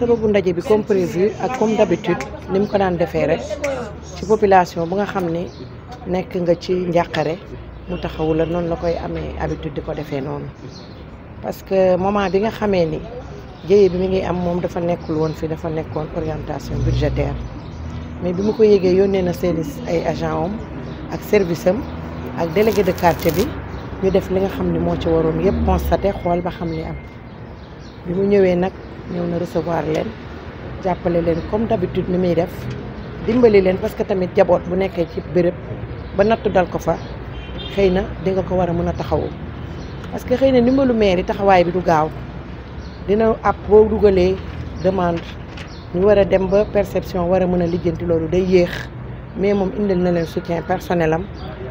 solo bu ndaje bi comme prévu ak comme d'habitude ni mu ko daan defee rek ci population bu nga xam ne nekk nga ci njàqare mu taxawu la noonu la koy amee habitude di ko defee noonu parce que moment bi nga xamee ni jëye bi mu ngi am moom dafa nekkul woon fii dafa nekkoon orientation budgétaire mais bi mu koy yégee yónnee na seen ay agent am ak service ak délégué de quartier bi ñu def li nga xam ni moo ci waroon yëpp constaté xool ba xam li am bi mu ñëwee nag ñëw na recevoir leen jàppale leen comme d'habitude ni muy def dimbali leen parce que tamit jaboot bu nekkee ci béréb ba nattu dal ko fa xëy na di nga ko war a mën a taxawu parce que xëy na ndimbalu maire yi taxawaay bi du gaaw dina ab boo dugalee demande ñu war a dem ba perception war a mën a lijjanti loolu day yéex mais moom indil na leen soutien personnel am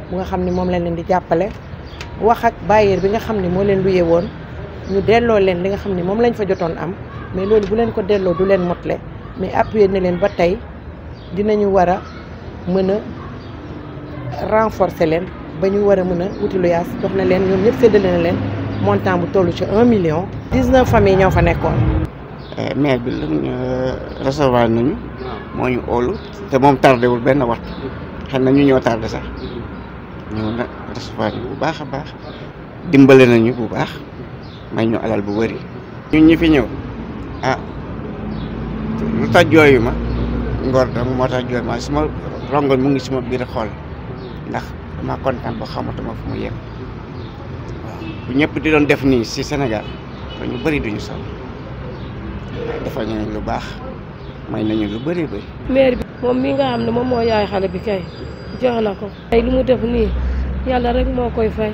bu nga xam ni moom la leen di jàppale wax ak bailleur bi nga xam ne moo leen luye woon ñu delloo leen li nga xam ni moom lañ fa jotoon am mais loolu bu leen ko delloo du leen motle mais appuyer na leen ba tey dina ñu war a mën a renforcer leen ba ñu war a mën a wuti lu yaas jox na leen ñoom ñëpp séddale na leen montant bu toll ci un million. dix-neuf familles ñoo fa nekkoon. Eh, mais bi lañ euh, recevoir nañu. moo ñu óolu te moom tardé wul benn waxtu. xam na ñu ñoo tardé sax. ñëw na recevoir ñu bu baax a baax dimbale nañu bu baax may ñu alal bu bëri. ñu ñi fi ñëw ah lu tax jooyu ma ngor dama moo tax jooyu suma su mu ngi suma biir xool ndax dama kontaan ba xamatuma fu mu yem waaw bu ñëpp di doon def nii si senegal kon ñu bëri duñu sonn defal ñu lu baax may nañu lu bëri bëri. maire bi moom mi nga xam ne moom moo yaay xale bi kay. jox la ko tey lu def nii yàlla rek moo koy fay